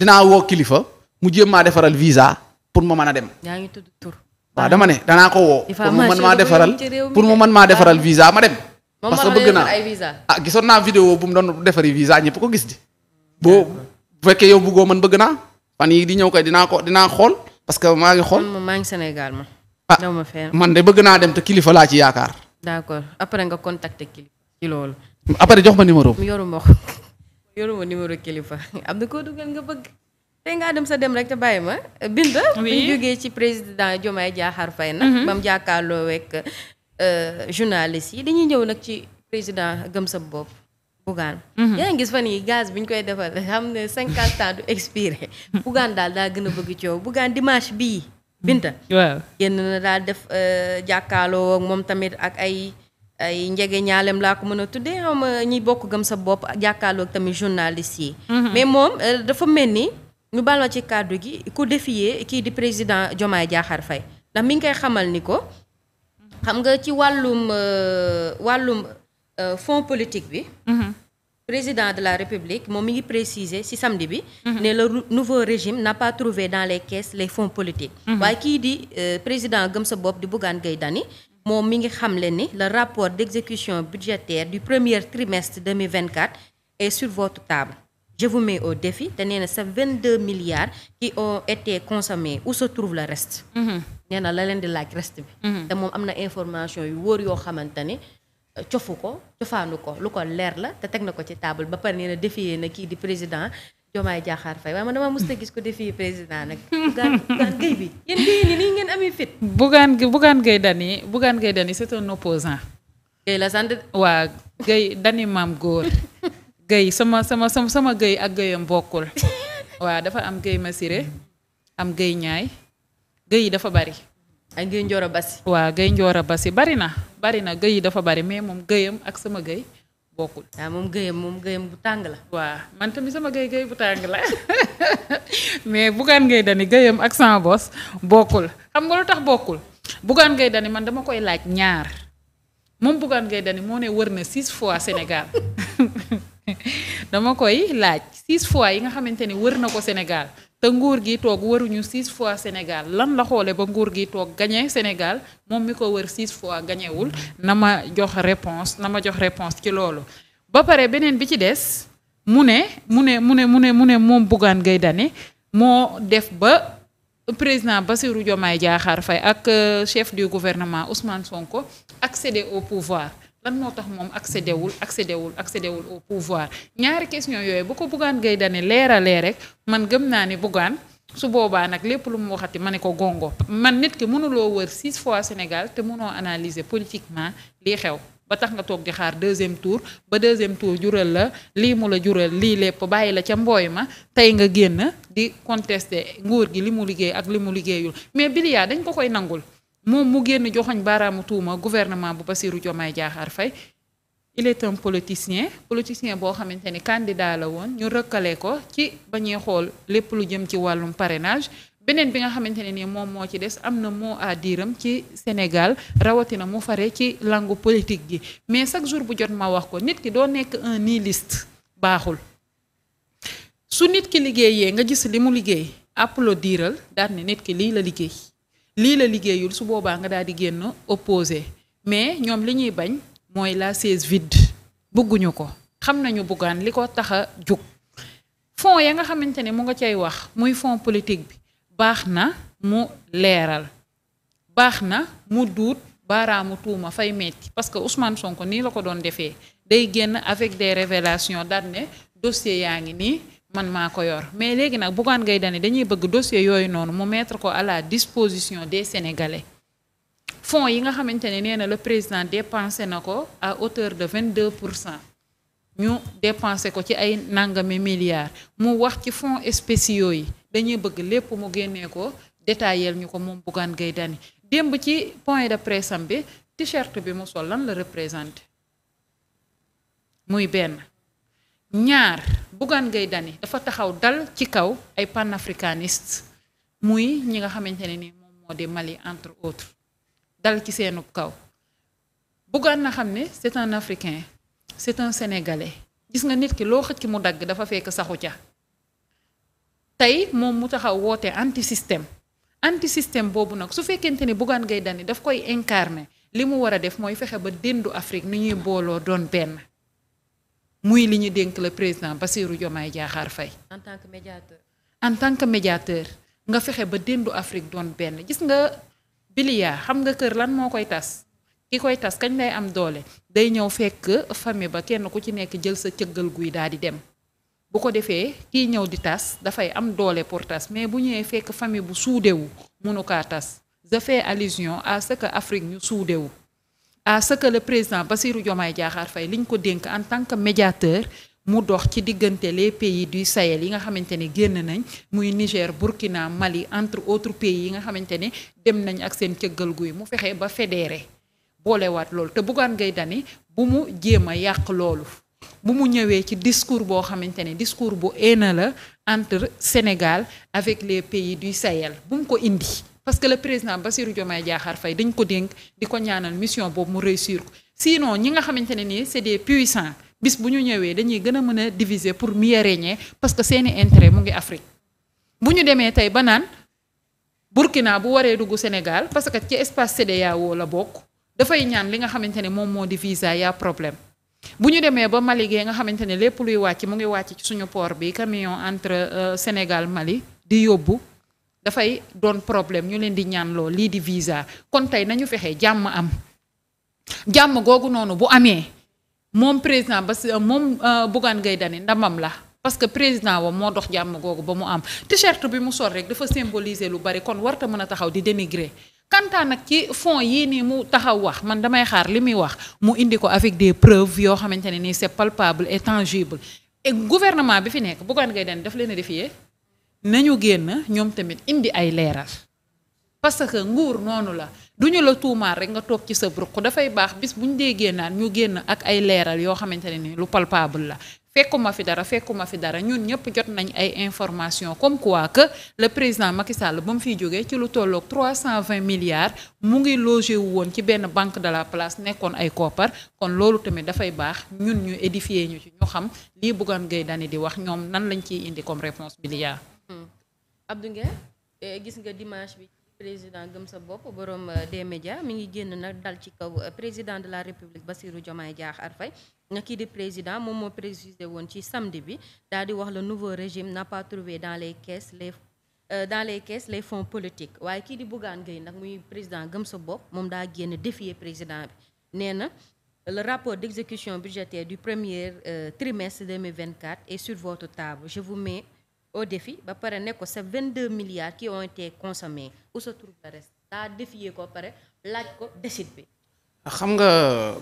dinaa woo kilifa mu jéem maa defaral visa pour ma mën a dem. yaa ngi tudd tur. waaw dama ne danaa ko woo. pour mu mën maa defaral pour mu mën maa defaral visa ma dem. parce que bëgg naa ah gisoon naa vidéo bu mu doon defari visa ñëpp ko gis di. boo bu fekkee yow buggoo man bëgg naa fan yii di ñëw kay dinaa ko dinaa xool parce que maa ngi xool. maa ngi Sénégal ah, ma. man de bëgg naa dem te kilifa laa ci yaakaar. d'accord après nga contacter kilifa ci loolu. après jox ma numéro. yoruma ko. yoruma numéro kilifa am na koo dugal nga bëgg te ngaa dem sa dem rek bàyyi ma binda bu jógee ci président Diomaye Diakhar Faye nag mhm. bam jàkkaarloo wekk euh, journaliste yi dañuy ñëw nag ci président gëm sa bopp Bougane mhm. yaa ngi gis fan gaz bi ñu koy defal xam ne cinquante ans du expiré Bougane daal daa gën a bëgg coow Bougane dimanche bii binta waaw na daal def euh, jàkkaarloo ak moom tamit ak ay ay njege ñaalem laa ko mën a tuddee xaw ma ñiy bokk gëm sa bopp jàkkaarloog tamit journaliste yi. Mhm. mais moom euh, dafa mel ni ñu baal ma ci kàddu gi ku défier kii di président Diomaye Diakhar fay ndax mi ngi koy xamal ni ko xam nga ci wàllum euh, wàllum euh, fonds politique bi. Mhm. président de la république moom mi ngi préciser ci samdi bi. Mhm. ne le nouveau régime n'a pas dans les caisses les fonds politiques. waaye kii di président gëm sa bopp di Bougane Gueye Dany moom mi ngi xamle ni la rapport d'exécution budgétaire du premier trimestre 2024 est sur votre table je vous mets au défi te nee na sa 22 milliards qui ont été consommés où se trouve le reste. Mm-hmm. nee na la leen di laaj rest bi. Mm-hmm. te moom am na information yu wóor yoo xamante ne euh, cofu ko cofaanu ko lu ko leer la te teg na ko ci table ba pare nee na na kii di président. Jomaay Diakhar Faye waaye man dama mës a gis ko défi président nag. Bougane Gueye bi yéen Gueye ni nii ngeen amee fit. Bougane Bougane Gueye Dany Bougane Gueye Dany c'est un la sant. waa Gueye Dany maam góor Gueye sama sama sama sama Gueye ak Gueyam bokkul waa dafa am Gueye Massiré am Gueye Ñaay Gueye yi dafa bari. ak Gueye Ndioro Bassi. waa Gueye Ndioro Bassi bari na bari na Gueye yi dafa bari mais moom Gueyam ak sama Gueye. bokkul waaw moom gëyam moom gëyam bu tàng la waaw man tamit sama gëy gëy bu tàng la mais Bougane Gueye Dany gëyam ak sama bos bokkul xam nga lu tax bokkul Bougane Gueye Dany man dama koy laaj ñaar moom Bougane Gueye Dany moo ne wër na six fois Sénégal dama koy laaj six fois yi nga xamante ni wër na ko Sénégal te nguur gi toog waruñu six fois Sénégal lan la xoole ba nguur gi toog gañe Sénégal moom mi ko wër six fois gañewul na ma jox réponse na ma jox réponse ci loolu ba pare beneen bi ci des mu ne mu ne mu ne mu ne mu ne moom Bougane Gueye Dany moo def ba président ba Bassirou may Diakhar fay ak euh, chef du gouvernement Ousmane Sonko ak accéder au pouvoir lan moo tax moom accédé wul accédé wul accédé wul au pouvoir ñaari question yooyu bu ko Bougane Gueye Dany leeralee rek man gëm naa ni Bougane su boobaa nag lépp lu mu waxati ma ne ko gongo man nit ki mënuloo wër six fois Sénégal te mënoo analyser politiquement lii xew ba tax nga toog di xaar deuxième tour ba deuxième tour jural la lii mu la jural lii lépp bàyyi la ca mbooy ma tey nga génn di contester nguur gi li mu liggéey ak li mu liggéeyul mais Bilia dañ ko koy nangul moom mu génn joxoñ baaraamu tuuma gouvernement bu Bassirou Diomaye Diakhar Faye il est un politicien politicien boo xamante ni candidat la woon ñu rëkkale ko ci ba ñuy xool lépp lu jëm ci wàllum parrainage beneen bi nga xamante ne ni moom moo ci des am na moo à diiram ci Sénégal rawatina mu fare ci langue politique gi mais chaque jour bu jot ma wax ko nit ki doo nekk un nihiliste baaxul su nit ki liggéeyee nga gis li mu liggéey applaudiral daal ne nit ki lii la liggéey lii la liggéeyul su boobaa nga daal di génn opposé mais ñoom li ñuy bañ mooy la chaise vide bëgguñu ko xam nañu buggaan li ko tax a jóg fonds ya nga xamante ne mu nga cay wax muy fonds politique bi baax na mu leeral baax na mu duut baaraamu tuuma fay metti parce que Ousmane Sonko nii la ko doon defee day génn avec des révélations daal ne dossier yaa ngi nii man maa ko yor mais léegi nag Bougane ngay Dany dañuy bëgg dossier yooyu noonu mu mettre ko à la disposition des Sénégalais fonds yi nga xamante ne nee na le président dépensé na ko à hauteur de vingt deux pour cent ñu dépensé ko ci ay nangami milliards mu wax ci fon spéciaux yi dañuy bëgg lépp mu génnee ko détaillé ñu ko moom Bougane Gueye Dany démb ci point de presse am bi t-shirt bi mu sol lan la représenté muy benn. ñaar Bougane Gueye dani dafa taxaw dal ci kaw ay panafricaniste muy ñi nga xamante ne ni moom moo di Mali entre autres dal ci seenu kaw Bougane na xam ne c'est un Africain c'est un Sénégalais gis nga nit ki loo xëcc mu dagg dafa fekk saxu ca tey moom mu taxaw woote anti système anti système boobu nag su fekkente ni Bougane gay dani daf koy incarner li mu war a def mooy fexe ba déndu Afrique ni ñuy booloo doon benn muy li ñu dénk la président Bassirou Diomaye Diakhar fay en tant que médiateur en tant que médiateur nga fexe ba déndu Afrique doon benn gis nga biliyaa xam nga kër lan moo koy tas ki koy tas kañ lay am doole day ñëw fekk famille ba kenn ku ci nekk jël sa cëggal guy daal di dem bu ko defee kii ñëw di tas dafay am doole pour tas mais bu ñëwee fekk famille bu suudewu mënu kaa tas je fais allusion à ce que Afrique ñu suudewu à ce que le président Bassirou Diomaye Diakhar Faye li ñu ko dénk en tant que médiateur mu dox ci diggante les pays du sayel yi nga xamante ne génn nañ muy Niger Burkina Mali entre autres pays yi nga xamante ne dem nañ ak seen cëggal guy mu fexe ba fédéré boolewaat loolu te Bougane ngay dani bu mu jéem a yàq loolu bu mu ñëwee ci discours boo xamante ne discours bu haine la entre Sénégal avec les pays duy Sahel bu mu ko indi parce que le ba Bassirou Diomaye Diakhar fay dañ ko dénk di ko ñaanal mission boobu mu réussir ko sinon ñi nga xamante ne nii c'est des puissants bis bu ñu ñëwee dañuy gën a mën a diviser pour mieux régner parce que seeni intérêt mu ngi Afrique bu ñu demee tey ba naan Burkina bu waree dugg Sénégal parce que ci espace CEDEAO la bokk dafay ñaan li nga xamante ne moom moo di visa yaa problème bu ñu demee ba Mali gee nga xamante ne lépp luy wàcc mu ngi wàcc ci suñu port bi camion entre euh, Sénégal Mali di yóbbu dafay doon problème ñu leen di ñaanloo lii di visa kon tey nañu fexe jàmm am jàmm googu noonu bu amee moom président ba euh, moom euh, Bougane Gueye Dany ndamam la parce que président wa moo dox jàmm googu ba mu am t-shirt bi mu sol rek dafa symboliser lu bari kon warta mën a taxaw di dénigrer kantaan nag ci fonds yii nii mu taxaw wax man damay xaar li muy wax mu indi ko avec des preuves yoo xamante ne nii c'est palpable et et gouvernement bi fi nekk Bougane Gueye Dany daf leen a défier nañu génn ñoom tamit indi ay leeral parce que nguur noonu la du ñu la tuumaal rek nga toog ci sa ruq dafay baax bis bu ñu dee génnaat ñu génn ak ay leeral yoo xamante ne ni lu palpable la fekkuma fi dara fekkuma fi dara ñun ñëpp jot nañ ay information comme quoi que le président Macky Sall ba mu fiy jóge ci lu tolloog 320 milliards mu ngi logé wu woon ci benn banque de la place nekkoon ay koppar kon loolu tamit dafay baax ñun ñu édifier ñu ci ñu xam lii Bougane Gueye Dany di wax ñoom nan lañ ciy indi comme réponse bi Hmm. Abdou Nguer eh, gis nga dimanche bi président gëm sa bopp borom eh, des médias mi ngi génn nag dal ci kaw eh, président de la république Bassirou Diomaye Diakhar Faye na kii di président moom moo précisé woon ci samedi bi daal di wax le nouveau régime n'a pas trouvé dans les caisses les les caisses les fonds politiques waaye kii di Bougane Gueye nag muy président gëm sa bopp moom daa génn défier président bi nee na le rapport d'exécution budgétaire du premier trimestre 2024 est sur au défi ba pare ne ko sa 22 milliards qui ont été consommés où se trouve le reste daa défier ko pare laaj ko décide bi. Ah, xam nga.